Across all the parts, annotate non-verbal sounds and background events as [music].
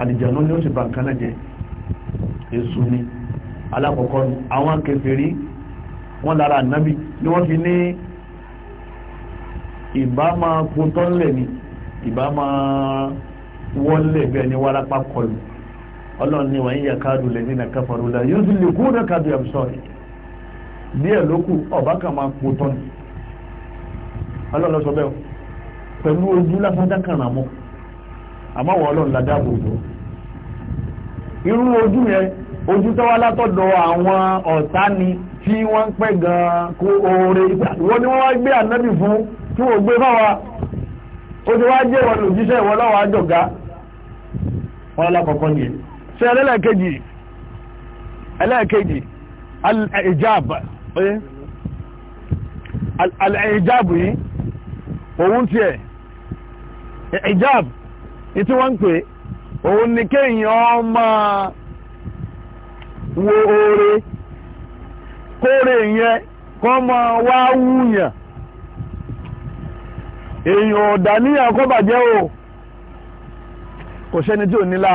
àlìjànú ni ó sì bà nǹkan náà jẹ́ èṣù ni alákọ̀ọ́kọ́ ni àwọn kèfèrí wọ́n lára ànábì ni wọ́n fi ní ìbámá potọ́nlẹ̀ ni ìbámá wọ́nlẹ̀ bẹ́ẹ̀ ni wárápá kọlù ọlọ́run ni wọ́n yíya káàdù lẹ́yìn náà káfàrú la yóò sì lè kúrò káàdù yàtọ̀ sọ̀rọ̀ díẹ̀ ló kù ọ̀bá kan máa potọ́ ni ọlọ́run lọ sọ bẹ́ẹ̀ pẹ̀lú ojú lásán dákàrà mọ́ àmọ́ wọ́n ọlọ́run la dáàbò irú ojú yẹn ojú tó wá látọ̀dọ̀ àwọn ọ̀tá ni tí wọ́n ń pẹ́ gan-an kó oore wọ́n ni wọ́n wá gbé ànábì fún tí wọ́n gbé fáwa ó ti wá jẹ́ ìwọ̀n òjíṣẹ́ ìwọ̀n láwọn àjọ̀gá wọn alákọ̀ọ́kọ́ ni ṣe ẹlẹ́ẹ̀kejì ẹlẹ́ẹ̀kejì al-ijab al-ijab yìí òun tiẹ̀ ijab ní tí wọ́n ń pè é òun ni kéèyàn máa wo oore kóore yẹn kọ́ máa wá wúyàn èèyàn ọ̀dà níyàn kó bàjẹ́ o kò sẹ́ni tí ò nílá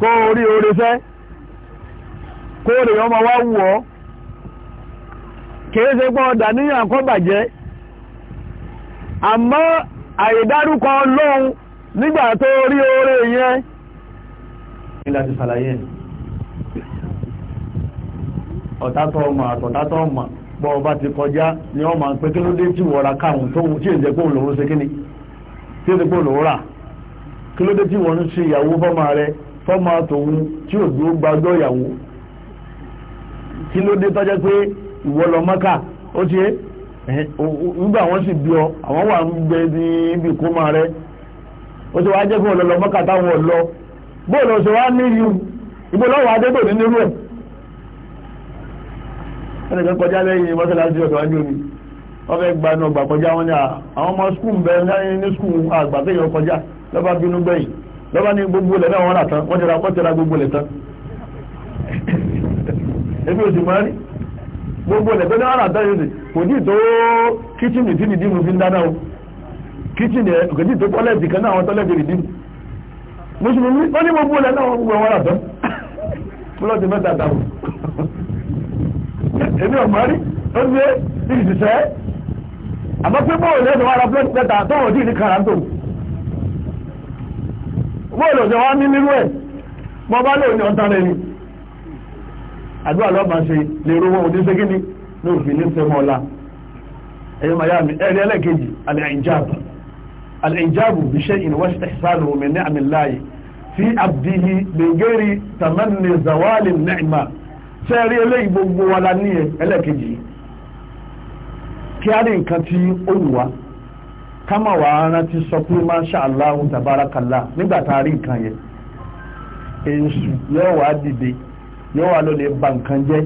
kó orí oore fẹ́ kóore yẹn máa wá wù ọ́ kìí ṣe pé ọ̀dà níyàn kó bàjẹ́ àmọ́ àìdárúkọ lóhun nígbà tó rí oore yẹn ilẹ̀ ti ṣàlàyé ọ̀tátọ́ ọmọ àtọ̀tátọ́ ọmọ ọba ti kọjá ni wọ́n máa kí ló dé tí wọ́ra tó tí èdè pò lòó ṣe tí èdè pò rà kí ló dé tí wọ́n ń ṣe ìyàwó fọ́mọ rẹ fọ́mọ tòun tí ò dúró kí ló ọ àwọn wà ń gbẹ ní ibi ìkómọ ó ti wá jẹ́ fún ọ̀lọ́lọ́ mọ́kà táwọn ọ̀lọ́ bóòlù ọ̀sẹ̀ wá nílì ìbò lọ́wọ́ adébò ní nírú ẹ̀ ẹnì kan kọjá lẹ́yìn mọ́sálásí ọ̀sẹ̀ wájú omi wọ́n fẹ́ gba ọgbà kọjá wọn ni àwọn ọmọ skul bẹ ní skul àgbà téèyàn kọjá lọ́ba bínú gbẹ̀yìn lọ́ba ní gbogbo náà wọ́n rà tán wọ́n ti ra wọ́n ti ra gbogbo tán [laughs] ebi kíchìnì ẹ̀ kò tí tó tọ́lẹ̀tì kan náà àwọn tọ́lẹ̀tì rìdí mùsùlùmí ó ní gbogbo ilẹ̀ náà wọ́n gbogbo ẹ̀wọ́n àtọ́ fúlọ́ọ̀tì mẹ́ta dàrú èmi ò mọ́rí ó ń gbé ìṣiṣẹ́ àmọ́ pé bóòlù lẹ́sẹ̀ wá ra fúlọ́ọ̀tì mẹ́ta tó wọ́n dì ní kàrántò bóòlù ọ̀sẹ̀ wá ní nírú ẹ̀ mọ́ bá lóòní ọ̀tán rẹ̀ ni àdúrà lọ́ba ṣe lè rówó òní ṣe kí ni ní òfin ní sẹ́mọ́ọ́lá ẹ̀yọ́ màyá mi ẹ̀rí ẹlẹ́kejì àlẹ́ àìjáàbù الإنجاب بشيء واستحصاله من نعم الله في عبده من غير تمني زوال النعمة sẹ́rí eléyìí gbogbo wa la ní ẹlẹ́kejì kí á ní nǹkan tí ó wù wá ká má wàá rántí sọ pé masha Allah tabarakallah nígbà tá a rí nǹkan yẹn èṣù yóò wá dìde yóò wá lọ lè ba nǹkan jẹ́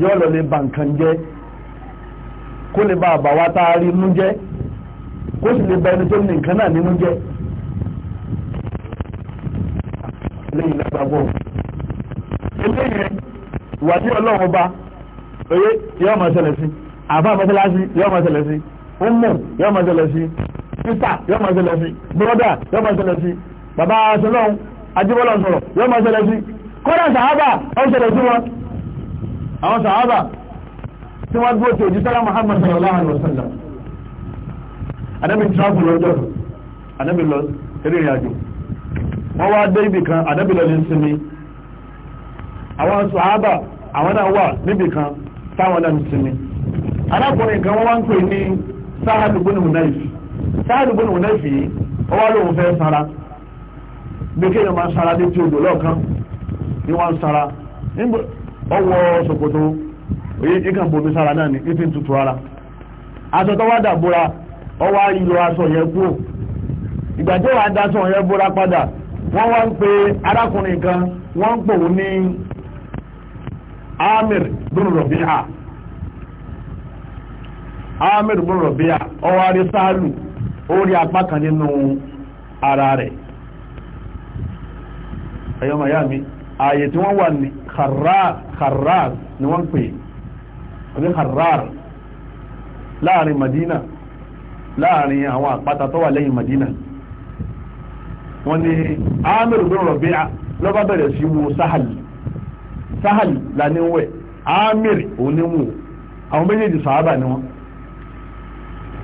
yóò lọ lè ba nǹkan jẹ́ kó lè bá àbáwá tá a rí inú jẹ́ kó sì lè ba ẹni tó ní nǹkan náà nínú jẹ́ lẹ́yìn lágbàgbọ́ eléyìí ìwà tí ọlọ́run bá oyé yóò máa ṣẹlẹ̀ sí àbá mọ́sálásí yóò máa ṣẹlẹ̀ sí ọmọ yóò máa ṣẹlẹ̀ sí sísà yóò máa ṣẹlẹ̀ sí bọ́dà yóò anábì tíráàbù lọ́jọ́ anábì lọ eré ìrìn àjò wọ́n wá dé ibì kan anábì lọ ní sinmi àwọn sàhábà àwọn náà wà níbì kan táwọn náà ń sinmi arákùnrin kan wọ́n wá ń pè ní sáhàlù bónú náìfì sáhàlù bónú náìfì yìí wọ́n wá lóun fẹ́ sara bí kéèyàn máa sara létí odò lọ́ọ̀kan ni wọ́n sara ọwọ́ ṣòkòtò ìkànnì bomi sara náà ní ìfín tutù ara aṣọ wá dàbúra ọwọ́ ayò aṣọ yẹn kú ìgbà tí wàá daṣọ yẹn bóra padà wọ́n wá ń pe arákùnrin kan wọ́n ń pòun ní amir bin amir bin rọ̀bíà ọwọ́ arí sáàlù ó rí apá kan nínú ara rẹ̀ ẹ̀yọ́ miami ààyè tí wọ́n wà ní kharrar ni wọ́n pè ní kharrar láàrin madina láàrin àwọn àpáta tó wà lẹ́yìn Madina wọ́n ní Amiru bin Rabi'a ló bá bẹ̀rẹ̀ sí wo Sahal Sahal la ní wẹ̀ Amir oníwò àwọn méjèèjì sàábà ni wọ́n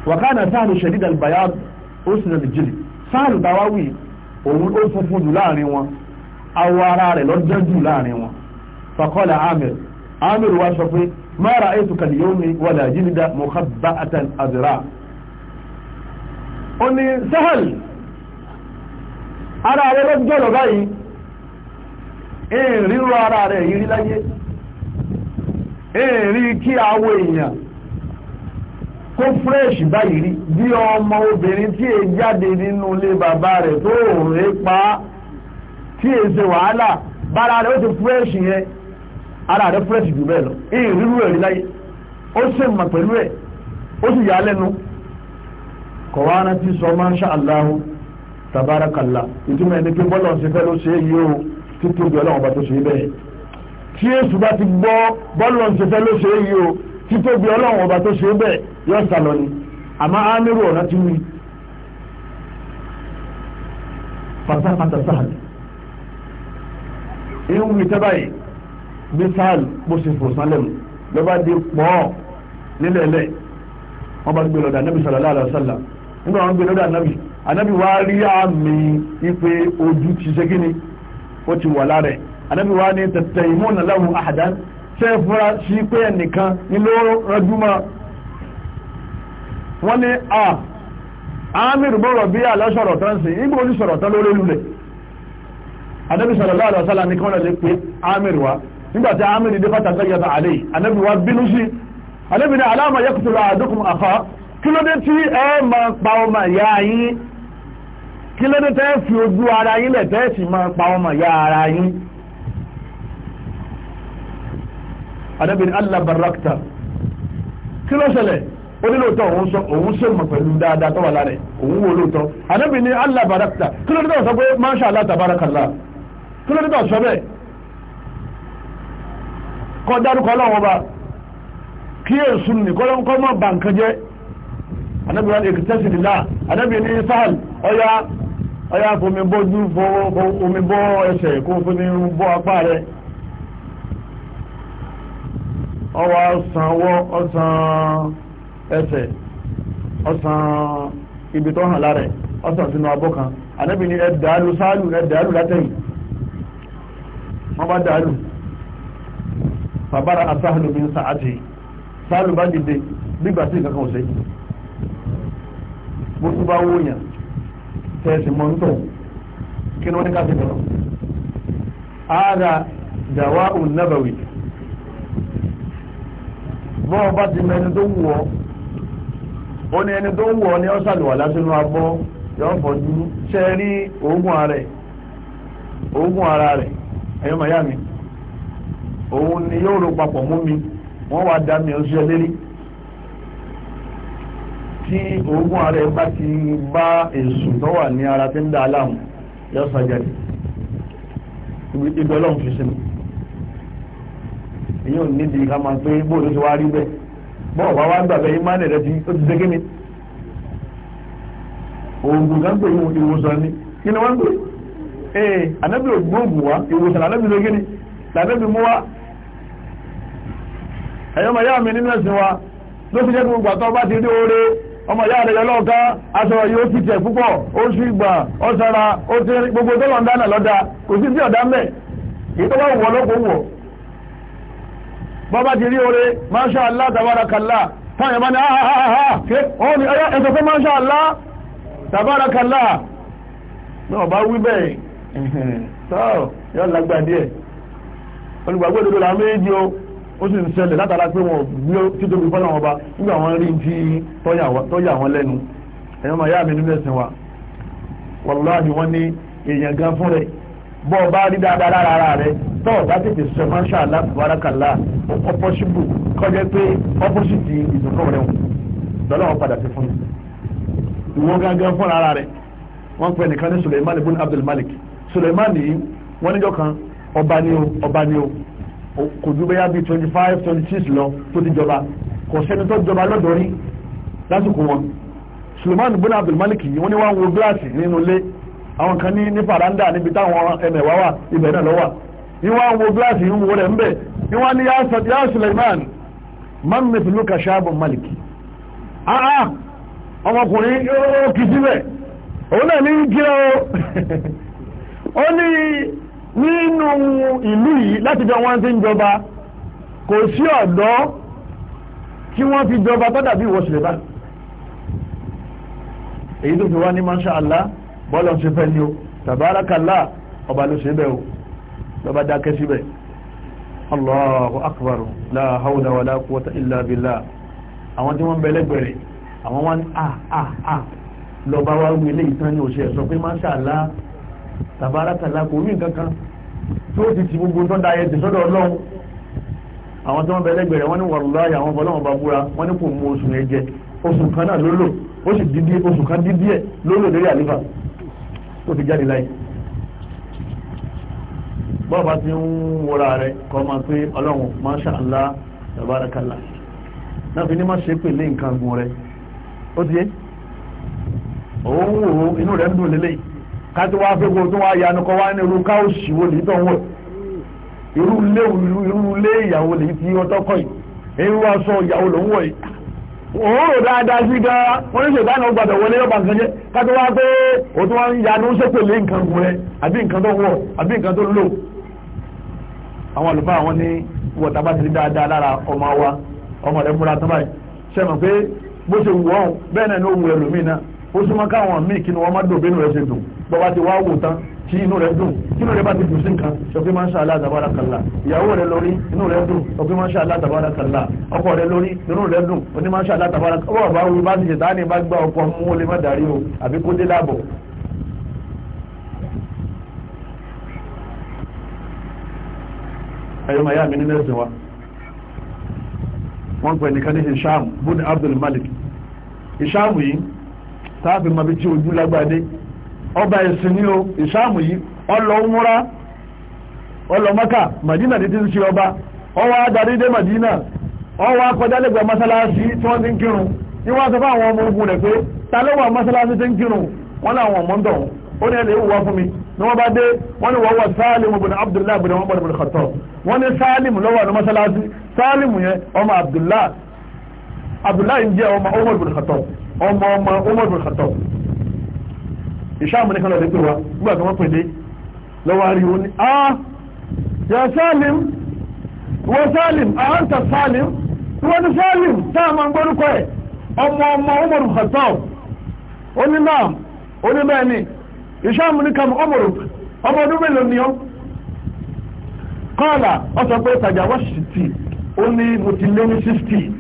wàkánà Sahal shadid al-bayad ó sì rẹ̀ jìlì Sahal báwáwì òun ó funfun jù láàrin wọn awọ ara rẹ̀ lọ́jọ́ jù láàrin wọn faqala Amir Amir wa sọ pé ma ra'aytuka al-yawma wala jilda mukhabba'atan azra' ó ní ara rẹ̀ lọ jọ̀rọ̀ báyìí ara rẹ̀ yìí láyé èrí kí àwọ èèyàn kó fresh báyìí rí ọmọ obìnrin tí è jáde nínú ilé bàbá tó rẹ̀ pa tí è ṣe wàhálà bára rẹ̀ ó ti yẹn ara rẹ fresh jù bẹ́ẹ̀ lọ ẹ̀rí láyé ó sì mọ̀ pẹ̀lú ẹ̀ ó sì yà kọ̀ wá rántí sọ masha Allah tabarakallah ìtumọ̀ ẹni pé bọ́lọ̀ ṣe fẹ́ ló ṣe yìí o títí ojú ọlọ́run bá tó ṣe bẹ́ẹ̀ tí èsù bá ti gbọ́ bọ́lọ̀ ṣe fẹ́ ló ṣe yìí o títí ojú ọlọ́run bá tó ṣe bẹ́ẹ̀ yọ sàlọ ni àmọ́ á nírò ọ̀nà tí wí. fasafasa sáàlì ìhùn mi tẹ́báyì bí sáàlì bó ṣe fò sálẹ̀ mu lọ́ba di pọ̀ nílẹ̀ lẹ̀ wọ́n bá gbé lọ́dà Nabi sallallahu alaihi wasallam nígbà wọn gbé lọ́dọ̀ ànábì ànábì wá rí àmì ipe ojú ti ṣe kíni ó ti wà lára ẹ̀ ànábì wá ní tẹ̀tẹ̀ ìmúnà láwùn àdán ṣe é fura sí pé ẹnìkan ni ló rọjú mọ́ wọ́n ní a amir bọ̀rọ̀ bí alásọ̀rọ̀ tán sí igbó oníṣọ̀rọ̀ tán lórí lulẹ̀ ànábì sallallahu alaihi wasallam ní kí lè pe amir wa nígbàtí amir dé bàtà sẹ́yẹ̀ta àlè ànábì wa bínú sí ànábì ní aláàmà yaqtulu ahadukum akhahu kí ló dé tí ẹ máa pa ọmọ ìyá yín kí ló dé tẹ́ fi ojú ara yín lẹ̀ tẹ́ sì máa pa ọmọ ìyá ara yín adábìnrin Allah barakta kí ló ṣẹlẹ̀ ó ní lóòótọ́ òun sọ òun ṣe mọ̀ pẹ̀lú dáadáa tó wà lára ẹ̀ òun wo lóòótọ́ adábìnrin Allah barakta kí ló dé tọ́ sọ pé masha Allah kí ló dé tọ́ sọ bẹ́ẹ̀ kọ́ dárúkọ ọlọ́run ọba kí èsùn nìkọ́ lọ́nkọ́ mọ́ bàǹkan anábì wọn èkìtẹ́sì nílá anábì ní sáàl ọya ọya fomi bójú fomi bọ́ ẹsẹ̀ kó fomi bọ́ apá rẹ̀ ọwọ́ sanwó ọsàn ẹsẹ̀ ọsàn ibi tó hàn lára ọsàn sínú abọ́ kan anábì ní ẹ̀dàálù sáàlù ẹ̀dàálù látẹ̀yìn wọ́n bá dàálù fàbára asáhàlù bí sáàtì sáàlù bá dìde bí gbàtí ìkankan ò bójú bá wó yàn tẹ̀sí mọ́ńtò kí ni wọ́n ní ká ti bẹ̀rẹ̀ ààrà dàwa ònàbàwì bọ́ọ̀ bá ti mọ ẹni tó wù ọ́ ó ní ẹni tó wù ní ọ́sàlùwà lásìnú abọ́ yọ̀ọ́ fọ́jú ṣe rí oògùn ara rẹ̀ oògùn ara rẹ̀ ẹ̀yọ́ mi òun ni yóò ro papọ̀ mi wọ́n wá dá mi tí oògùn ààrẹ bá ti bá èsù tó wà ní ara tí ń dá aláàmù yọ sàjáde ibi ọlọ́run fi sínú èyí ò nídìí ká máa pé bóòlù ti wá rí bẹ́ẹ̀ bọ́ọ̀ bá wá gbà bẹ́ẹ̀ ìmánì rẹ ti ó ti dé kíni oògùn kan pé ìwòsàn ni kí ni wọ́n pè ee eh, ànábì ògbóògùn wa ìwòsàn ànábì ló kíni lànábì mú wa ẹ̀yọ́ màá yá mi nínú ẹ̀sìn wa ló fi jẹ́ kí gbogbo àtọ́ bá ti rí oore ọmọ ìyá rẹ̀ lọ́ọ̀ká aṣọ yóò ti tẹ̀ púpọ̀ ó sì gbà ó sara ó ti rí gbogbo tó lọ́n dáná lọ́dà kò sí sí ọ̀dá mẹ́ èyí tó bá wù ọ́ lọ́pọ̀ wù ọ́ bọ́bá ti rí oore masha Allah tabarakallah táwọn ẹ̀mọ́ ni ahahaha ó ní ẹyọ ẹ̀sọ̀ fún masha Allah tabarakallah náà bá wí bẹ́ẹ̀ tọ́ yọ lágbàdí ẹ̀ olùgbàgbọ́ òdodo làwọn méjì o ó sì ń ṣẹlẹ̀ látara pé wọn gbé títóbi fọ́nà wọn ba nígbà wọn rí ti tọ́yà wọn lẹ́nu ẹ̀yọ́ máa yá mi nílẹ̀ sìn wa wàlúwàdì wọn ní èèyàn gan fún rẹ̀ bọ́ ọ bá rí dáadáa lára ara rẹ̀ tọ́ ọ̀dá tètè sọ máṣá aláàbárakàlá ọ̀pọ̀ṣibù kọjá pé ọ̀pọ̀ṣìtì ìdùnkọ́ rẹ̀ wọn lọ́la wọn padà sí fún mi ìwọ gangan fún ara rẹ̀ wọ́n pè nìkan ní Suleiman ibn Abdul Malik wọ́n níjọ́ kan ọba ni o ọba ni o kò ju bẹ́yà bíi twenty five twenty six lọ tó ti jọba kò sẹ́ni tó jọba lọ́dọ̀ rí lásìkò wọn Suleiman bin Abdul Malik yìí wọ́n ní wọ́n ń wo gíláàsì nínú ilé àwọn kan ní ní faranda níbi táwọn ẹmẹ̀wá wà ibẹ̀ náà lọ́wọ́ ni wọ́n ń wo gíláàsì ń wo rẹ̀ ń bẹ̀ ni wọ́n ní yá Suleiman man mithluka shabun maliki aa ọmọkùnrin ó kì í síbẹ̀ òun náà ní kíra [laughs] ó ní nínú ìlú yìí láti jọ wọ́n ti ń jọba kò sí ọ̀dọ́ tí wọ́n fi jọba tó dàbí ìwọ Suleiman èyí tó fi wá ní masha Allah bọ́ọ̀lù ṣe fẹ́ ni o tabarakallah ọba ló ṣe bẹ́ẹ̀ o lọ́ba dákẹ́ síbẹ̀ Allahu akbar la hawla wala quwwata illa billah àwọn tí wọ́n bẹ̀lẹ̀ gbẹ̀rẹ̀ àwọn wọn ah ah ah lọ́ba wá wí ilé ìtàn ní òṣèlú sọ pé masha Allah tàbárakàlà kò rí nǹkan kan tí ó ti ti gbogbo tó da ẹsẹ̀ sọ́dọ̀ ọlọ́run àwọn tó ń bẹ lẹ́gbẹ̀rẹ̀ wọ́n ní wàlúwàyà àwọn ọmọlọ́wọ́n bá búra wọ́n ní kò mú oṣù yẹn jẹ oṣù kan náà lólò ó sì dídí oṣù kan dídí ẹ̀ lólò lórí àlífà tó fi jáde láyé bọ́ọ̀bá ti ń wọra rẹ̀ kọ́ máa pé ọlọ́run masha Allah tàbárakàlà náà fi ní má ṣe pèlé nǹkan gun rẹ̀ ó ti yé òun wò inú rẹ̀ ń dùn lélẹ́yìí káti wá fẹ́gbọ́ tó wá yanu kọ́ wá ní irú káòsì wo lèyí tó ń wọ̀ irú ilé irú ilé ìyàwó lèyí tí wọ́n tọ́kọ̀ yìí irú aṣọ ìyàwó ló ń wọ̀ yìí òórò dáadáa sí gan wọ́n ní ṣètàn náà gbàdọ̀ wọlé ọba nǹkan jẹ́ káti wá pé o wá ń yanu ó ṣépèlé nǹkan gùn rẹ àbí nǹkan tó wọ̀ àbí nǹkan tó lò àwọn àlùfáà àwọn ní wọ̀tá bá ti rí dáadáa lára ọmọ wa ọmọ rẹ múra tán báyìí ṣe pé bó ṣe wù ọ́n bẹ́ẹ̀ náà ní ó wù ẹlòmíì náà ó súnmọ́ káwọn míì kí ni wọ́n má dùn bínú rẹ̀ ṣe dùn bọ́ba ti wá wò tán tí inú rẹ̀ dùn tí inú rẹ̀ bá ti dùn sí nǹkan sọ pé máa ń ṣàlá àtàbára kàlá ìyàwó rẹ̀ lórí inú rẹ̀ dùn sọ pé máa ń ṣàlá àtàbára kàlá ọkọ rẹ̀ lórí inú rẹ̀ dùn oní máa ń ṣàlá àtàbára kàlá ọba wo bá ti ṣe táà ní bá gbá ọkọ mú ó má darí o àbí kó dé láàbọ̀. ẹ̀yọ́ màá mi nínú ẹ̀sìn wa wọ́n pẹ̀ nìkan ní Abdul Malik Hisham yìí tàbí mọ̀bí tí ojú lágbàdé ọba ẹ̀sìn ní o ìsáàmù yìí ọlọ múra ọlọ mọ́kà màdínà ní ti ń ṣe ọba ọwọ́ adarí dé màdínà ọwọ́ akọjá lẹ́gbẹ̀ẹ́ mọ́sálásí tí wọ́n ti ń kírun ní wọ́n sọ fún àwọn ọmọ ogun rẹ̀ pé ta ló wà mọ́sálásí ti ń kírun wọ́n láwọn ọmọ ń dọ̀hún ó ní ẹlẹ́ ìwúwa fún mi ní wọ́n bá dé wọ́n ní wọ́n wọ sáàlìmù bin abdullahi bin wọ́n bọ̀dọ̀ bin kọ̀tọ̀ wọ́n ní sáàlìmù lọ́wọ́ ní mọ́sálásí sáàlìmù yẹn ọmọ abdullahi abdullahi ń jẹ́ ọmọ ọmọ bin kọ̀tọ̀ ọmọ ọmọ Umar bin Khattab ìṣáàmù nìkan lọ́dẹ̀ pé wa nígbà tí wọ́n pè dé lọ́wọ́ ariwo ni ah, a yà Salim wọ́n Salim a ń ta Salim wọ́n ni Salim tá a máa ń gbórúkọ ẹ̀ ọmọ ọmọ Umar bin Khattab onínáà oníbẹ̀ẹ́ni ìṣáàmù nìkan Umar ọmọ ọdún mélòó ni ọ́ kọ́ọ̀là ọ̀sọ̀ pé tàjà wọ́n sì tì ó ní mo ti lé ní 60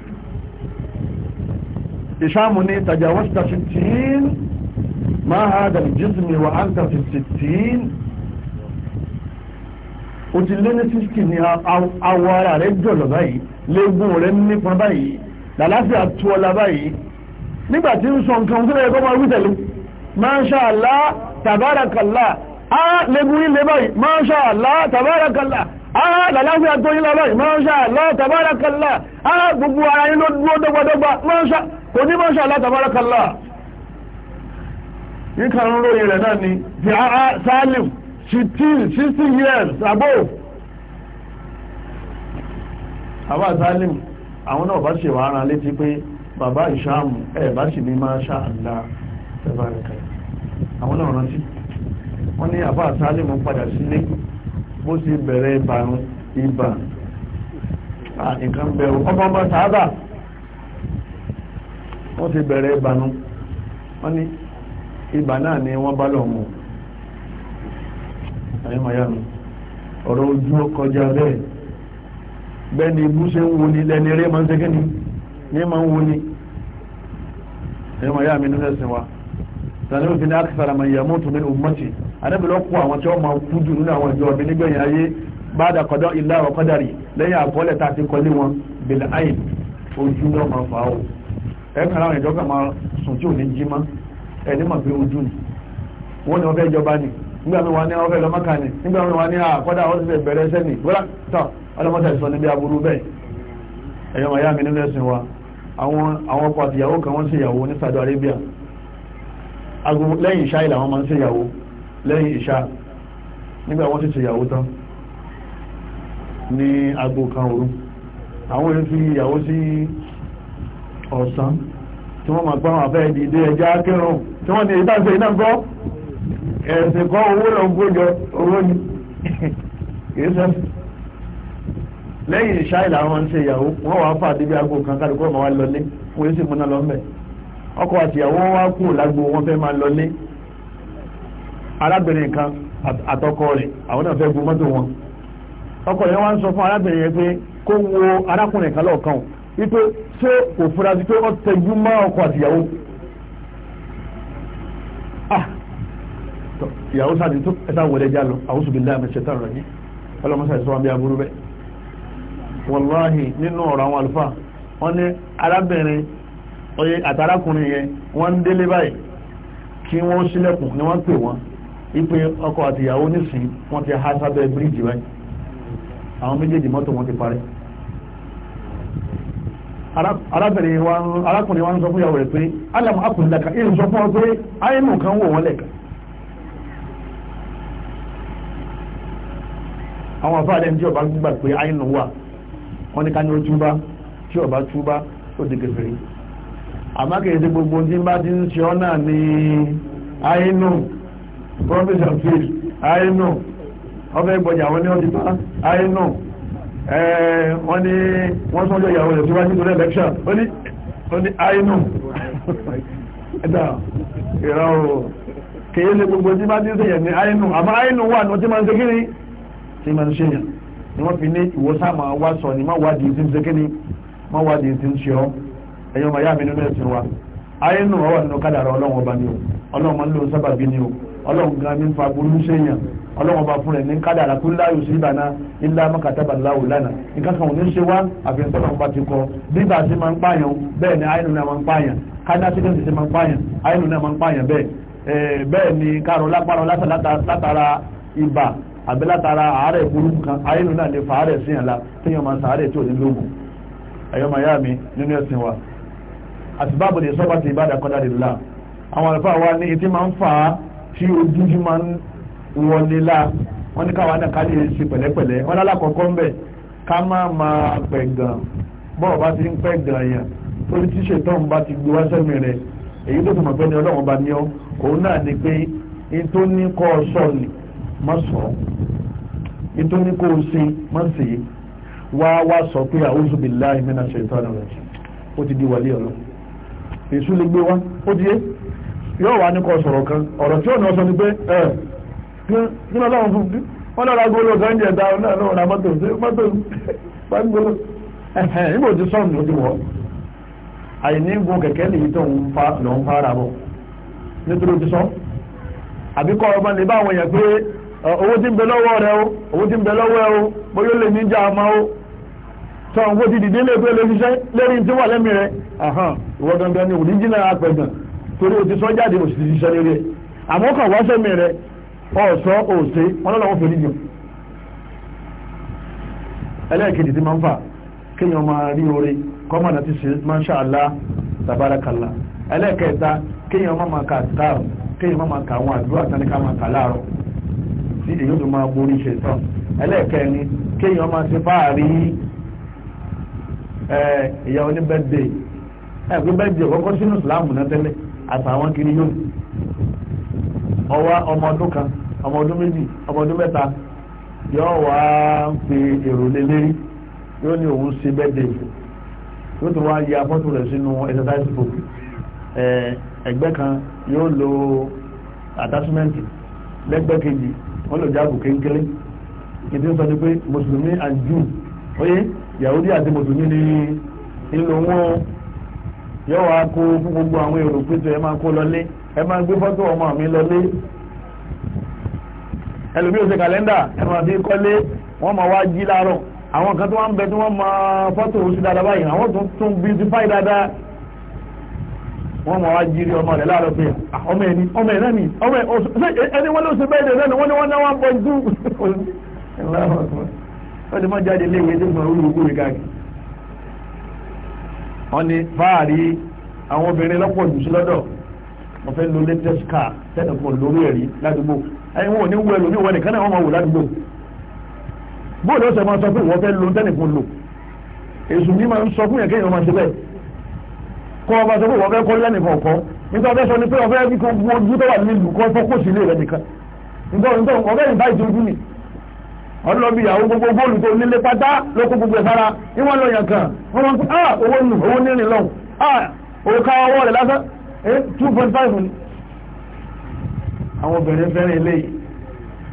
ìṣàmù ní tajawasta 15 máa ha dàbí jísmi wà áńtà 16 o ti lé ní 60 ní awọ ara rẹ̀ jọ̀lọ̀ báyìí léegun rẹ̀ nípa báyìí làlàáfíà tó ọlá báyìí nígbà tí ń sọ nǹkan tó lẹ́yìn kọ́ máa wí tẹ̀lé masha Allah tabarakallah á léegun ilé báyìí masha Allah tabarakallah ara làlàáfíà tó yí lá báyìí masha Allah tabarakallah á gbogbo ara yín ló dúró dọ́gbadọ́gba masha Allah kò ní máa ṣe alátàbárakàlá yíká ń ròyìn rẹ̀ náà ni di ara salim sixteen sixty years ago àbá salim àwọn náà bá ṣe wà ara létí pé bàbá ìṣàmù ẹ̀ bá sì ní máa ṣá àlá tàbárakàlá àwọn náà rántí wọ́n ní àbá salim padà sílé bó ti bẹ̀rẹ̀ ìbàrún ìbà nǹkan bẹ̀rù ọmọ ọmọ sáábà wọ́n ti bẹ̀rẹ̀ ìbànú wọ́n ní ibà náà ni wọ́n bá lọ mú ẹ̀yìn mayanu ọ̀rọ̀ ojú kọjá bẹ́ẹ̀ bẹ́ẹ̀ ni ibú ṣe ń wo ni lẹ́ni eré máa ń segin ni ní máa ń wo ni ẹ̀yìn mayanu nínú ẹ̀sìn wa sani òfin ní akisara ma yẹ mọ́tò ní ummati adébìlọ́ kó àwọn tí wọ́n máa kú jù nínú àwọn ìjọ ọ̀bí nígbẹ̀yìn ayé bá dàkọ́dọ̀ ìlà ọ̀kọ́dàrí lẹ́yìn àkọọ́lẹ̀ tá a ti kọ́ lé wọn bẹ̀lẹ̀ àyè ojú náà máa fà á o ẹ̀kàrà àwọn ìjọ́gbà máa sùn tí ò ní jí mọ́ ẹni mọ̀ pé ojú ni wọ́n ni wọ́n fẹ́ jọba ni nígbà mi wà ní ọ̀fẹ́ lọ́mọ́kà ni nígbà mi wà ní àkọ́dà wọ́n ti fẹ́ bẹ̀rẹ̀ sẹ́ni wọ́lá tọ́ ọlọ́mọ́sà ìsọ níbi aburú bẹ́ẹ̀ ẹ̀yọ́ màá yá mi nílẹ̀ sìn wa àwọn ọkọ àti ìyàwó kan wọ́n ṣe ìyàwó ní Saudi Arabia ago lẹ́yìn ìṣá ìlà wọn máa ń ṣe ìyàwó lẹ́yìn ìṣá nígbà wọ́n sì ṣe ìyàwó tán ní ago kan òru àwọn èèyàn fi ìyàwó sí ọ̀sán tí wọ́n máa gbọ́ àwọn afẹ́ di ilé ẹja kírun tí wọ́n ní èyí tàbí iná gbọ́ ẹ̀sìn kan owó lọ gbójọ owó ni kìí sọ lẹ́yìn ìṣáìlà àwọn ń ṣe ìyàwó wọ́n wàá fà débi aago kan kálukú ọmọ wa lọlé wọ́n yóò sì múná lọ mẹ́ ọkọ àtìyàwó wọn wá kú lágbo wọn fẹ́ máa lọlé arábìnrin kan àtọkọ rẹ̀ àwọn náà fẹ́ gun mọ́tò wọn ọkọ yẹn wá ń sọ wípé ṣé kò fura sí pé wọ́n tẹjú mọ́ ọkọ àtìyàwó ah! ìyàwó sáà ti tó ẹ̀ta wọlé já lọ àwọn sùgbìn dáàmì ṣẹta rẹ̀ yìí ọlọ́mọsá ìṣọ́ àbí aburú bẹ́ẹ̀ wàláhì nínú ọ̀rọ̀ àwọn àlùfáà wọ́n ní arábìnrin oye àtàrákùnrin yẹn wọ́n ń délé báyìí kí wọ́n sílẹ̀kùn ni wọ́n pè wọ́n ipe ọkọ àtìyàwó nísìn wọ́n ti há sábẹ́ bíríìjì báyìí àwọn méjèèjì mọ́tò wọn ti parẹ́ arábìnrin wa arákùnrin wa ń sọ fún ìyàwó rẹ̀ pé alamu akùnlẹ̀ka ìrìn sọ fún ọ pé àyínú kan wò wọ́n lẹ̀ka àwọn afáàdé tí ọba gbígbà pé àyínú wà wọn ni ká ní o túbá tí ọba túbá ó di kèfèrí àmá kìí ṣe gbogbo tí bá ti ń ṣe ọ́ náà ní naanị. promise and faith àyínú ìgbọ̀jà wọn ni ó Eh, wọ́n ní wọ́n tún ọjọ́ ìyàwó rẹ̀ síwájú tó lẹ́lẹ́kṣà ó ní àínú [laughs] ẹ̀dà ìrà ọ̀rọ̀ kèye lè gbogbo tí bá ti ṣe yẹn ní àínú àmọ́ àínú wà ní ọtí ma ṣe kíni tí ma ń ni wọ́n fi ní ìwọ́sà máa wá sọ ní ṣe kíni ṣe ọ́ ni o ọlọ́run ọlọ́run gan ní fa burú sẹ́yìn ọlọ́run ọba fún rẹ̀ ní kádàrà kú láyò sí ìbànà ilá mọ́kàtàbà láwò lánàá nǹkan kan ò ní ṣe wá àfihàn tọ́lọ́run bá ti kọ bíbà sí máa ń pààyàn bẹ́ẹ̀ ni àìnù náà máa ń pààyàn kádà sí ti máa ń pààyàn àìnù náà máa ń pààyàn bẹ́ẹ̀ bẹ́ẹ̀ ni kárọ̀ lápárọ̀ látara ibà àbí látara àárẹ̀ burú kan àìnù náà la téèyàn máa sàárẹ̀ tí ò ní lóògùn ẹ̀yọ́ màyá mi nínú ẹ̀sìn wa la àwọn àlùfáà wa ní etí tí ojújú máa ń wọlé la wọ́n ní káwọn náà ká lè ṣe pẹ̀lẹ́pẹ̀lẹ́ wọ́n lálàkọ̀ọ́kọ́ ń bẹ̀ ká má máa pẹ̀ gan bọ́ọ̀ bá ti ń pẹ̀ gan yàn torí tí ṣètọ́n bá ti gbé wá sẹ́mi rẹ̀ èyí tó tọmọ̀ pé ní ọlọ́run bá ní ọ́ òun náà ni pé in ní kọ́ ọ sọ ni má sọ in tó ní kó o ṣe má ṣe wá wá sọ pé a'udhu billahi minash shaitanir rajim ó ti di wàlé ọlọ́ èṣù lè gbé wá ó di é yóò wá ní kọ sọ̀rọ̀ kan ọ̀rọ̀ tí ó ní ọsọ ni pé ẹ kí ni ọlọ́run fún wọn lọ́ra gbóló kan jẹ ta náà lọ́run ra mọ́tò sí mọ́tò gbóló ẹ̀hẹ̀ níbo ti sọ́ọ̀nù ló ti wọ̀ àìní kẹ̀kẹ́ tó ń fa lọ́ ń fara bọ̀ nítorí ti ọba lè bá àwọn èèyàn pé owó tí ń bẹ lọ́wọ́ rẹ o owó ń bẹ lọ́wọ́ ẹ o lè ti torí o ti sọ jáde o sì ti ṣiṣẹ́ lórí ẹ̀ kàn wá sẹ́mi rẹ ọ̀sọ́ òsè wọn fèrè yàn ẹlẹ́ẹ̀kejì ti máa ń fà kéèyàn máa rí oore kọ́mọ̀nà ti ṣe masha Allah ma ẹlẹ́ẹ̀kẹta kéèyàn máa máa kà táàrù kéèyàn máa máa kà àwọn àdúrà tán ká máa kà tí èyí tó ẹ̀kú bẹ́ẹ̀ jẹ́ kọ́kọ́ sínú ìsìláàmù náà tẹ́lẹ̀ àtàwọn kiri yóò ọwọ́ ọmọ ọdún kan ọmọ ọdún méjì ọmọ ọdún mẹ́ta yóò wá ń pe èrò lélẹ́rí yóò ní òun ṣe bẹ́ẹ̀dẹ̀ yóò tún wá yẹ afọ́tò rẹ̀ sínú exercise book ẹgbẹ́ kan yóò lo attachment lẹ́gbẹ́ kejì wọ́n lò jáàbù kéńkéré kìtì ń sọ ni pé mùsùlùmí and Jew ó yẹ Yahudi àti mùsùlùmí ni ìlò wọn. yóò wá kó fún gbogbo àwọn èrò péjọ ẹ máa kó lọlé ẹ máa gbé fọ́tò ọmọ mi lọlé ẹlòmí ò ṣe kàlẹ́ndà ẹ máa fi kọ́lé wọ́n máa wá jí láàárọ̀ àwọn kan tó wá ń bẹ tí wọ́n máa fọ́tò oṣù dáadáa báyìí àwọn tó tún beautify dáadáa wọ́n máa wá jírí ọmọ rẹ̀ láàárọ̀ pé ọmọ ẹni ọmọ ẹ̀rẹ́ mi ọmọ ẹni wọ́n ló ṣe bẹ́ẹ̀ [laughs] wọ́n ní fáàrí àwọn obìnrin lọ́pọ̀ jù sí lọ́dọ̀ wọ́n fẹ́ lo latest car tẹ́lẹ̀ fún lórí ẹ̀rí ládùúgbò ẹ̀yin wọn ò ní wọ ẹlòmí wọn nìkan náà wọ́n máa wò ládùúgbò bóòlù ọ̀sẹ̀ máa sọ pé wọ́n fẹ́ lo tẹ́lẹ̀ fún lò èsù mi máa ń sọ fún yẹn kéèyàn máa ṣe bẹ́ẹ̀ kọ́ ọba sọ pé wọ́n fẹ́ kọ́ lẹ́nìkan ọ̀kọ́ nígbà ọ̀fẹ́ sọ ni pé ọ̀fẹ́ kí wọ́n ojú tó wà nílùú kọ́ fọ́kọ́sì ilé rẹ̀ nìkan nígbà ọ̀fẹ́ ìbá ọlọ́bí ìyàwó gbogbo góòlù tó nílé pátá ló gbogbo ìfara níwọ̀n lọ yàn kan wọ́n máa ń pè ah owó nù owó nírìn lọ́hùn ah òkà ọwọ́ rẹ̀ lásán eh, two point five ni. àwọn obìnrin fẹ́ràn eléyìí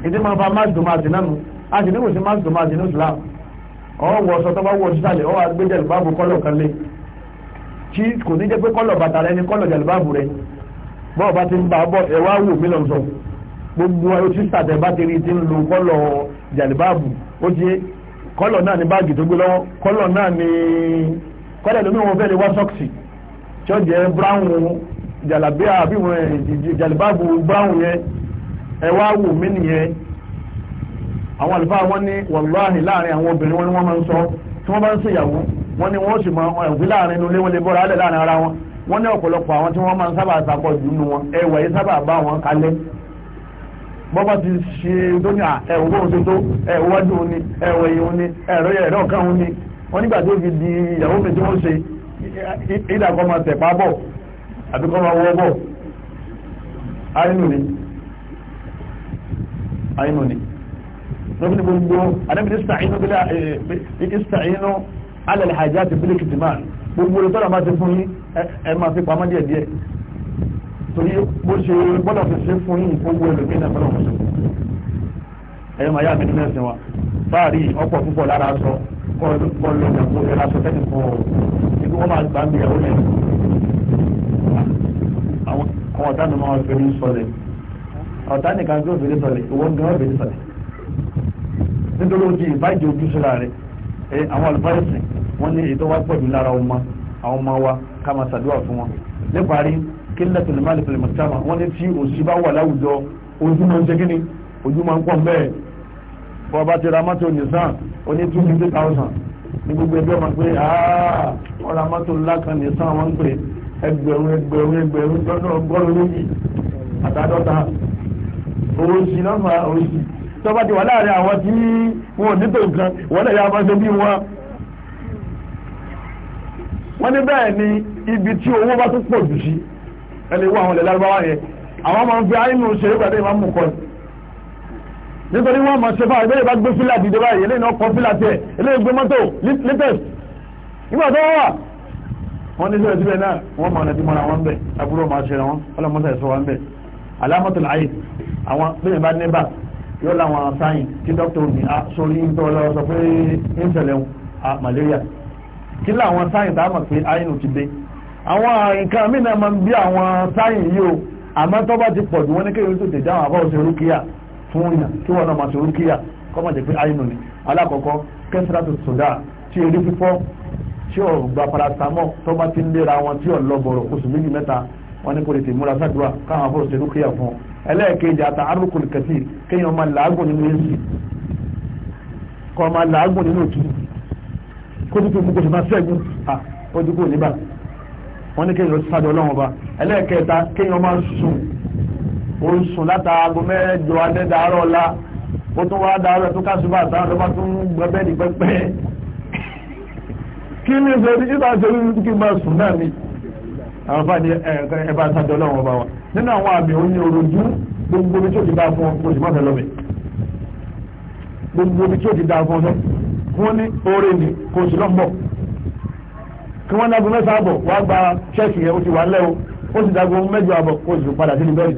ìdí máa fa máàsì tó máa sì nánu a sì ní kò sí máàsì tó máa sì ní Islam ọ̀hún wọ sọ tó wọ sísàlẹ̀ ọ̀hún agbẹ́jẹ̀ lùbáàbù kọ́lọ̀ kan lé tí kò ní jẹ́ pé kọ́lọ̀ bàtà rẹ ni kọ́lọ̀ jàlùbáàbù rẹ bọ́ọ̀ bá ti ń bá a ẹ̀ wá wù mí lọ́sọ̀ gbogbo ọtí sàtẹ̀ bá ti rí ti ń lu kọ́lọ̀ jàlíbáàbù ó ti kọ́lọ̀ náà ní báàgì to gbé lọ́wọ́ kọ́lọ̀ náà ní kọ́lọ̀ lómi wọn fẹ́ẹ́ lè wá sọ́ọ̀sì tí ó jẹ́ brown jàlábíà àbí wọn jàlíbáàbù brown yẹn ẹ wá wù mí nìyẹn àwọn àlùfáà wọn ní wàlúwàhì láàrin àwọn obìnrin wọn ni wọ́n máa ń sọ tí wọ́n bá ń ṣèyàwó wọn ni wọ́n sì máa ẹ̀wí láàrin inú ilé wọn lè bọ́ra alẹ́ láàrin ara wọn wọ́n ní ọ̀pọ̀lọpọ̀ àwọn tí wọ́n máa ń sábà sàpọ̀ jù nù wọn ẹwà yìí sábà bá wọn kalẹ̀ bọ́bá ti ṣe tó ní ẹ̀wọ̀ bóun ṣe tó ẹ̀wọ̀ wájú òun ni ẹ̀wọ̀ èyí òun ni ẹ̀rọ ẹ̀rọ kan òun ni wọ́n nígbà tó fi di ìyàwó mi tí wọ́n ṣe ìdàkọ́ máa tẹ̀pá bọ̀ àbí kọ́ máa wọ́ bọ̀ àìnù ni àìnù ni lọ́bí ni gbogbo anábì ní sàínú bílẹ̀ eh, sàínú alẹ́ àjá ti bílẹ̀ kìtìmá gbogbo olùtọ́lá máa ti fún yín ẹ máa fi pamọ́ díẹ̀díẹ̀ torí bó ṣe bọ́lá fi ṣe fún yìí fún gbogbo ẹlòmí náà fọlọ́ wọn ṣe ẹ̀yọ́ màá yá mi nínú ẹ̀sìn wa báàrí ọ̀pọ̀ púpọ̀ lára sọ kọ́ lọ ìyàwó ẹ̀rọ aṣọ tẹ́lẹ̀ fún ọ ibi wọ́n máa gbà ń bí ìyàwó lẹ́yìn àwọn ọ̀tá ni wọ́n fi rí sọlẹ̀ ọ̀tá nìkan tó fi rí sọlẹ̀ ìwọ́n gan fi rí sọlẹ̀ nítorí ojú ìbájẹ́ ojú síra rẹ̀ ẹ àwọn àlùfáìsì wọ́n ní ètò wá pọ̀jù lára ọmọ àwọn ọmọ wa ká máa ṣàdúrà fún wọn níparí Kila tó lè má lè fẹ̀lẹ̀ mọ̀tàmà wọ́n ní tí òṣì bá wà láwùjọ ojú máa ń ṣe kíni ojú máa ń pọ̀ bẹ́ẹ̀ bọ́ bá ti ra mọ́tò nìsan ó ní two fifty thousand ní gbogbo ẹgbẹ́ máa pé wọ́n ra mọ́tò ńlá kan nìsan wọ́n ń pè ẹgbẹ̀rún ẹgbẹ̀rún ẹgbẹ̀rún lọ́dọ̀ ọgọ́rùn méjì àtàdọ́ta náà máa òṣì tó ti wà láàrin àwọn tí wọn ò ní tó nǹkan wọ́n lè máa ṣe bí wọn wọ́n ní bẹ́ẹ̀ ni ibi tí owó bá tún pọ̀ jù sí ẹni wọ àwọn ilẹ̀ lárúbáwá yẹn àwọn máa ń fi àínú ṣe é gbàdé ìmáàmù kọ́ nítorí wọ́n máa ṣe fáwọn ìbéèrè bá gbé fílà dìde báyìí eléyìí náà kọ́ fílà tiẹ̀ eléyìí gbé mọ́tò latest nígbà tó wà wọ́n ní síbẹ̀síbẹ̀ náà wọ́n máa nàbí mọ́ra wọn bẹ̀ àbúrò máa ṣe wọn ọlọ́mọta ẹ̀sọ́ wọn bẹ̀ alámọ́tò láàyè àwọn bẹ́ẹ̀ bá níbà yóò láwọn sáyìn kí dókítà òní á ah, sórí ń tọ́ lọ sọ pé ń ṣẹlẹ̀ ah, malaria kí láwọn sáyìn tá pé àyínú àwọn nǹkan mí náà máa ń bí àwọn sáyìn yìí o àmọ́ tó bá ti pọ̀ jù wọ́n ní kéwòn tètè dáhùn àbá òṣèré rúkìá fún ìyàn kí wọ́n náà máa ṣe rúkìá kọ́ máa jẹ́ pé àyínú ni alákọ̀ọ́kọ́ kẹ́sìrà tó sòdá tí erí fífọ́ tí ò gba paracetamol tó bá ti ń lera wọn tí ò lọ bọ̀rọ̀ oṣù méjì mẹ́ta wọn ní kò lè tèmúra sádùá káwọn àbọ̀ òṣèré rúkìá wọ́n ní kéèyàn sájọ ọlọ́run ọba ẹlẹ́ẹ̀kẹta kéèyàn máa sùn ó ń sùn látàgò mẹ́jọ alẹ́ dàárọ̀ ọ̀la ó tún wá dàárọ̀ tó kásùbà àtàwọn ọba tó ń gbẹ́bẹ́ ní pẹ́pẹ́ kí ní sọ ní ìgbà sọ ní kí n bá sùn náà ni àwọn fàdí ẹ̀bá sájọ ọlọ́run ọba wa nínú àwọn àmì òun ni òròjú gbogbo omi tí ó ti dá fún ọ kò sì má gbogbo omi tí ó ti dá fún ọ wọ́n ní oore ni kò sì lọ́mbọ̀ kí wọ́n dágun mẹ́ta àbọ̀ wàá gba ṣẹ́ẹ̀kì yẹn ó ti wà lẹ́ o ó sì dágun mẹ́jọ àbọ̀ ó sì padà sí níbẹ̀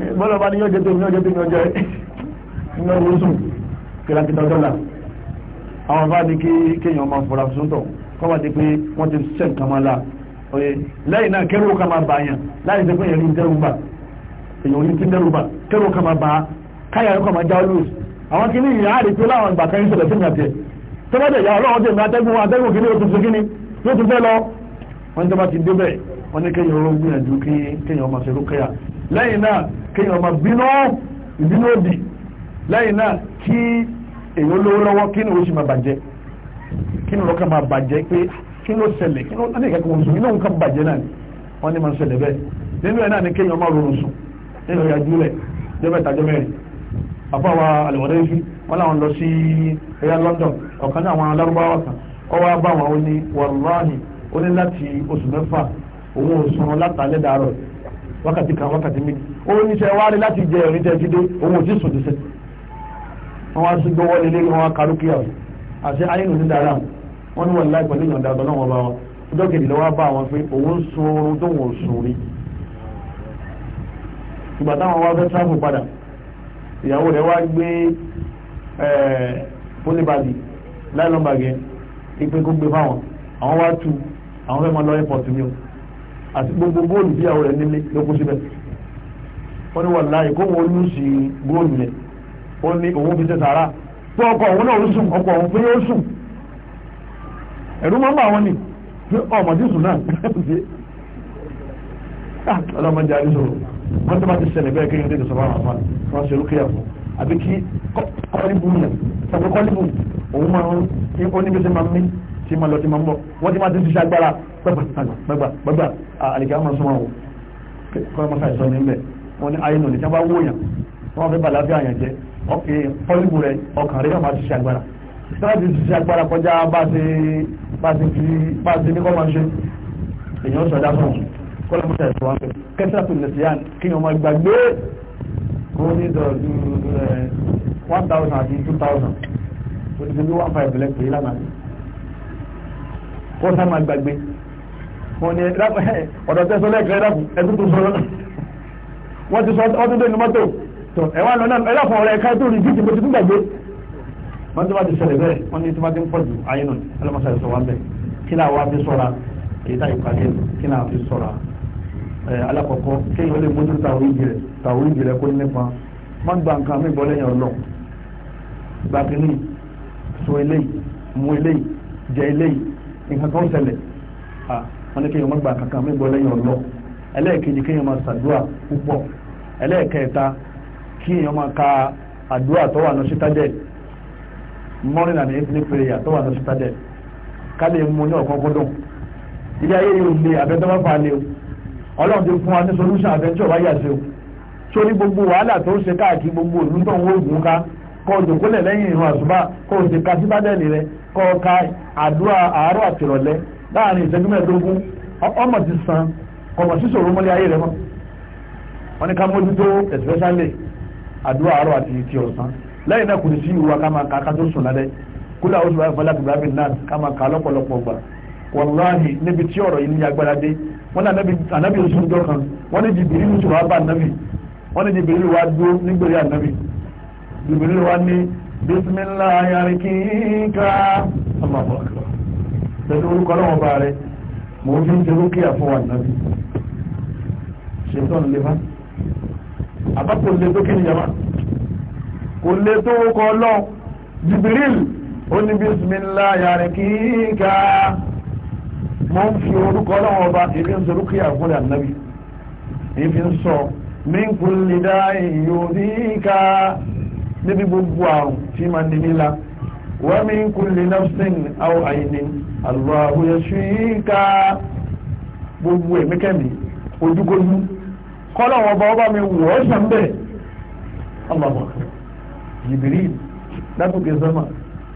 eh, bọ́lá bá ní yọjẹ́ tó ní yọjẹ́ tó ní ọjọ́ iná oṣù kìlàkìtà dọ́là àwọn bá ní kí kéèyàn máa fọ́ra sóńtọ̀ kọ́ bá ti pé wọ́n ti ṣẹ́ nǹkan máa la oye lẹ́yìn náà kẹ́rù ká máa bá yàn láì ṣe pé èèyàn ní dẹ́rù bà èèyàn ní ti dẹ́rù bà kẹ́rù ká máa bá káyà ẹ̀kọ́ máa já lóòsì àwọn kìíní yìí á rí pé láwọn ìgbà kan ń ṣẹlẹ̀ sí ìgbà tiẹ̀ tọ́bọ̀dẹ̀ ìyá ọlọ́run tẹ̀mí atẹ́gùn atẹ́gùn kìíní ó tuntun kìíní yóò tún fẹ́ lọ wọ́n ní tó bá ti débẹ̀ wọ́n ní kéèyàn oró gbìyànjú kéèyàn ọmọ ṣerú kẹ́yà lẹ́yìn náà kéèyàn ọmọ bínú ìbínú òdì lẹ́yìn náà kí èèyàn lówó lọ́wọ́ kí ni oṣù máa bàjẹ́ kí ni ọlọ́kà máa bàjẹ́ pé kí ló ṣẹlẹ̀ kí ló ní ìkẹ́kọ̀ọ́ oṣù kí lóun kà bàjẹ́ náà wọ́n ní wọ́n làwọn lọ sí ẹ̀yà London ọ̀kan ní àwọn alárúbáwá kan ọ wá bá wọn ní wàlúwàhì ó ní láti oṣù mẹ́fà òun ò sùn látàlẹ́ dàárọ̀ wákàtí kan wákàtí méjì ó ní sẹ́ wá rí láti jẹ ẹ̀rí tẹ́ fi dé òun ò sùn dísẹ́ wọ́n wá sí gbọ́wọ́ lé àti ní wọn ní láì polybadi eh, láìlọ́mbàgẹ́ ipe kó gbé fáwọn àwọn wá tu àwọn fẹ́ máa lọ airport mi o àti gbogbo góòlù tí àwọn rẹ̀ nílé ló kó síbẹ̀ ó ní wàlá ìkó wọn lù sí góòlù yẹn ó ní òun fi ṣe sàrà pé ọkọ̀ òun náà ó sùn ọkọ̀ òun pé ó sùn ẹ̀rú máa ń bà wọ́n ni pé ọmọdé sùn náà [laughs] ah, ọlọ́mọdé àdìsọ̀rọ̀ wọ́n tó bá ti ṣẹlẹ̀ bẹ́ẹ̀ kí n tètè sọ fún àwọn àfa wọ́n ṣe é fún àbí kí kọ́líbù nù sọ̀rọ̀ kọ́líbù òun máa ń oníbi tí máa ń mí tí máa lọ tí máa ń bọ̀ wọ́n ti máa ti ṣiṣẹ́ agbára gbàgbà gbàgbà gbàgbà àlejò àwọn ọmọ sọmọ kọ́lá mọ́sá ìsọ ní mbẹ̀ wọ́n ní ayé lòdì tí wọ́n bá wó yàn wọ́n fẹ́ bàlá bí àyàn jẹ́ kọ́líbù rẹ ọkàn rẹ yóò máa ṣiṣẹ́ agbára tí wọ́n ti ṣiṣẹ́ agbára kọjá bá ti bá ti fi bá ti ní kọ́ máa ṣe èèyàn sọ̀dá fún un 1000 thousand àti two thousand òtítí one five lẹ́pẹ̀ yìí lánàá kó sáà máa gbàgbé wọn ni ọ̀dọ̀ tẹ́sán lẹ́ẹ̀kan ẹ̀dá ẹ̀dú tó sọ lọ́nà wọ́n ti sọ ọdún tó ní mọ́tò tó ẹ̀wà lọ́nà ẹ̀dá fún ọ̀rẹ́ ẹ̀ka tó rí jíjì mo ti tún gbàgbé wọ́n ti wá ti ṣẹlẹ̀ bẹ́ẹ̀ wọ́n ní tí wọ́n ti ń pọ̀ jù ayé nù ẹlọ́mọṣà ìṣọ̀ wa ń bẹ̀ kí náà wá fi sọ́ra kí náà fi sọ́ra alákọ̀ọ́kọ́ gbàgbélé sọ eléyìí mú eléyìí jẹ eléyìí nǹkan kan ṣẹlẹ̀ wọn ní kéèyàn má gba kankan mí gbọ́ lẹ́yìn ọ̀lọ́ ẹlẹ́ẹ̀kejì kéèyàn púpọ̀ ẹlẹ́ẹ̀kẹta kéèyàn ka àdúrà tó wà ní ṣítádẹ̀ morning and evening prayer tó wà ní ṣítádẹ̀ ká lè mú ní ọ̀kan gbọ́dọ̀ ilé ayé yìí ò le gbogbo wàhálà tó ń ṣe káàkiri gbogbo kó o jòkólẹ̀ lẹ́yìn ìrun àṣùbà kó sì ka síbádẹ́ẹ̀lì rẹ kó ka àdúrà àárọ̀ àtìrọ̀lẹ́ láàrin ìṣẹ́jú mẹ́ẹ̀ẹ́dógún ọmọ ti san ọmọ ayé rẹ mọ́ wọn ni ká mójútó especially àdúrà àárọ̀ ti ọ̀sán lẹ́yìn náà kò ní sí ìwà ká máa ka ká tó sùn lálẹ́ kúlẹ̀ àwọn oṣù wàláhì níbi tí ọ̀rọ̀ yìí kan wọn ní jìbìrì ní Jibril wá ní bísmílá ayárí kíkà ọmọbọ̀ pẹ̀lú orúkọ lọ́wọ́ bá rẹ̀ mo fi ń ṣerú kí àfún wa nàbí ṣetán lè má àbápò lè tó kí ni yàrá kò lè tó orúkọ lọ́wọ́ Jibril ó ní bísmílá ayárí kíkà mo ń fi orúkọ lọ́wọ́ bá èmi ń ṣerú kí àfún wa nàbí èmi ń sọ min kulli da'i yudika níbi gbogbo àrùn tí ma ní nílá wa min kulli nafsin aw aynin Allahu yashfika gbogbo ẹ̀mẹ́kẹ́mi ojúkojú kọ́lọ̀ wọn bá ọba mi wọ̀ ọ́ sàn bẹ́ẹ̀ Allahu Jibril látòkè sọ́mà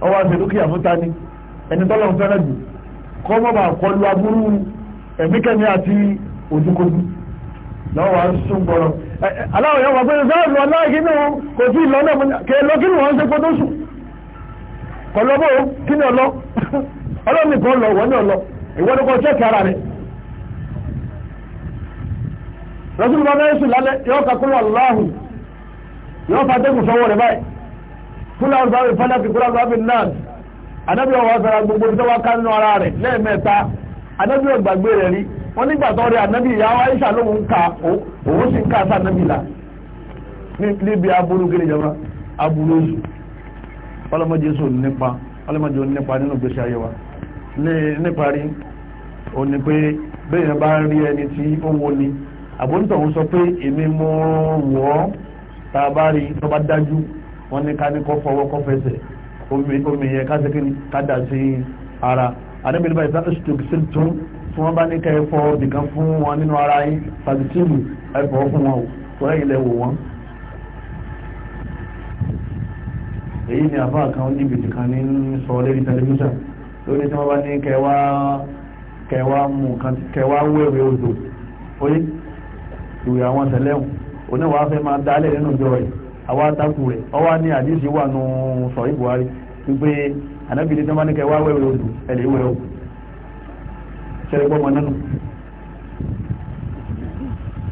ọwọ́ àti dúkìá fún tani ẹni tọ́lọ̀ ń fẹ́ràn jù kọ́ mọ́ bá kọlu aburú ẹ̀mẹ́kẹ́mi àti ojúkojú lọ́wọ́ à ń sún gbọ́rọ̀ aláwọ̀ yẹn wà pé záàlù aláìkínú kò sí ìlọ náà kèèlọ kí ni wọ́n ń ṣe kótó sùn kọlọ́bọ̀ [laughs] kí ni ọlọ́ ọlọ́mì kan lọ wọ́n ní ọlọ́ ìwọ́n ní kò ṣẹ́ẹ̀kì ara rẹ̀ lọ́sùn bá mẹ́rin sùn lálẹ́ yóò ka kúrò aláhùn yóò fa tẹ́kù sọ́wọ́ rẹ̀ báyìí kúrò àwọn bàbá ìfọ́nà fi kúrò àwọn bàbá náà anábì ọwọ́ sara gbogbo tó wá ká nínú ara rẹ̀ lẹ́ẹ̀mẹ́ta anábì ọgbàgbé rẹ̀ rí wọ́n nígbà tó rí anábì ìyá wa ìṣàlóhùn ka òun sì ń ká àṣà nàbì là níbi aburú kiri jama aburú oṣù ọlọ́mọdé sọ nípa ọlọ́mọdé nípa nínú gbèsè ayé wa níparí o ní pé bẹ́ẹ̀ yẹn bá rí ẹni tí ó wo ni àbóńtọ̀ ń sọ pé èmi mo wọ̀ tá a bá rí tó bá dájú wọn ní ká ní kó fọwọ́ kó fẹsẹ̀ omi yẹn ká sẹ́kìnì ká dà sí ara anábìlíbà ìsàtòsítòkìsìtò tí wọ́n bá ní ká ẹ̀fọ́ nìkan fún wọn nínú ara yín fàgìtìmù ẹ̀fọ́ fún wọn tó ẹ̀yìn lẹ wò èyí ni àbá kan ó níbi kan ní sọ lórí tẹlifíṣàn lórí tí wọ́n bá ní kẹwàá kẹwàá mú kẹwàá wẹ̀wẹ̀ odò oyé ìwé àwọn tẹ̀lẹ́hùn oníwàá fẹ́ máa dálẹ̀ nínú ìjọ rẹ̀ àwọn atakù rẹ̀ ọwọ́ ní àdíṣe wà nù sọ ìbùhárí wípé ànábì ní tọ́mọ́ ní kẹ́ wá wẹ̀wẹ̀ odò ẹ̀lẹ́ ìwẹ̀ o ṣẹlẹ̀ gbọ́mọ nínú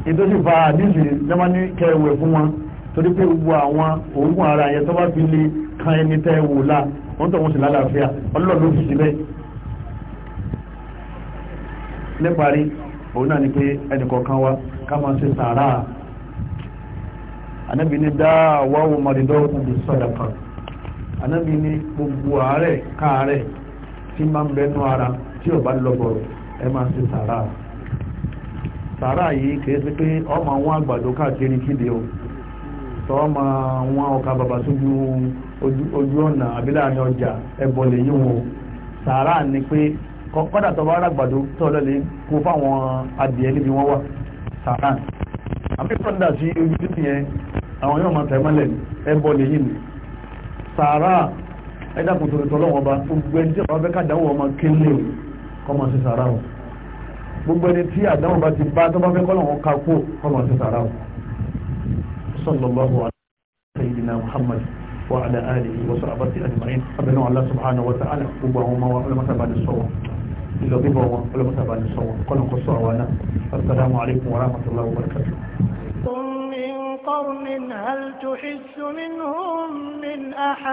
ètò sì fa àdíjì tọ́mọ́ ní kẹ́ wẹ̀ fún wọn torí pé gbogbo àwọn òògùn ara yẹn tọ́ bá fi lè kan ẹni tẹ́ wò la wọ́n tọ̀ wọ́n sì lálàáfíà ọlọ́ọ̀ ló fi síbẹ̀ níparí òun náà ni pé ẹnìkọ̀ọ̀kan wa ká máa ṣe sàárà ànábì ní dáa wáwò mọ̀rìndọ́ òkùnkùn sọ̀dọ̀ kan anábì ní gbogbo àárẹ̀ káàárẹ̀ tí máa ń bẹnu ara tí ò bá lọ́bọ̀rọ̀ ẹ máa ṣe sàrà sàrà yìí kìí sí pé ọmọ àwọn àgbàdo káàkiri kíde o tọ́ ọmọ àwọn ọkà bàbá sójú ojú ọ̀nà àbílẹ̀ àní ọjà ẹ̀bọ̀ lèyí wọn sàrà ni pé kọ́dà tó bá rágbàdo tó ọ̀dọ́ lè kó fáwọn adìẹ níbi wọ́n wà sàrà àbí kọ́dà sí ojú títì yẹn àwọn yóò máa tẹ̀ mọ́lẹ̀ ẹ̀bọ̀ lèyí nìyẹn sàárà ẹ̀dàkùn tó rẹ̀tọ́ lọ́wọ́ ọba gbogbo ẹni tí ọba ká dáwọ́ ọmọ kéle kọ́ máa ṣe sàárà o gbogbo ẹni tí àdáwọ̀ bá ti bá tó bá fẹ́ kọ́ lọ́wọ́ ká kó kọ́ máa ṣe sàárà o sallallahu alaihi sayyidina muhammad wa ala alihi wa sahbihi ajma'in abinu allah subhanahu wa ta'ala gbogbo àwọn ọmọ wa ọlọmọta bá ní sọwọ ìlọ bíbọ wọn ọlọmọta bá ní sọwọ kọlọn kó sọ àwọn náà assalamu alaikum wa rahmatullahi wa barakatuh قرن هل تحس منهم من أحد